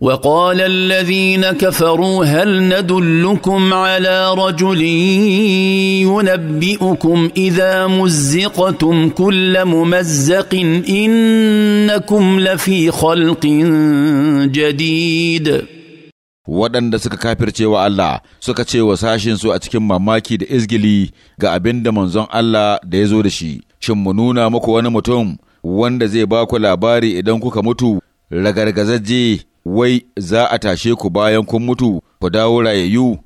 وقال الذين كفروا هل ندلكم على رجل ينبئكم اذا مزقتم كل ممزق انكم لفي خلق جديد waɗanda suka kafirce wa Allah suka ce wa su a cikin mamaki da izgili ga abin da manzon Allah da ya zo da shi, shin mu nuna muku wani mutum wanda zai ba ku labari idan kuka mutu ragargazajje wai za a tashe ku bayan kun mutu ku dawo rayayyu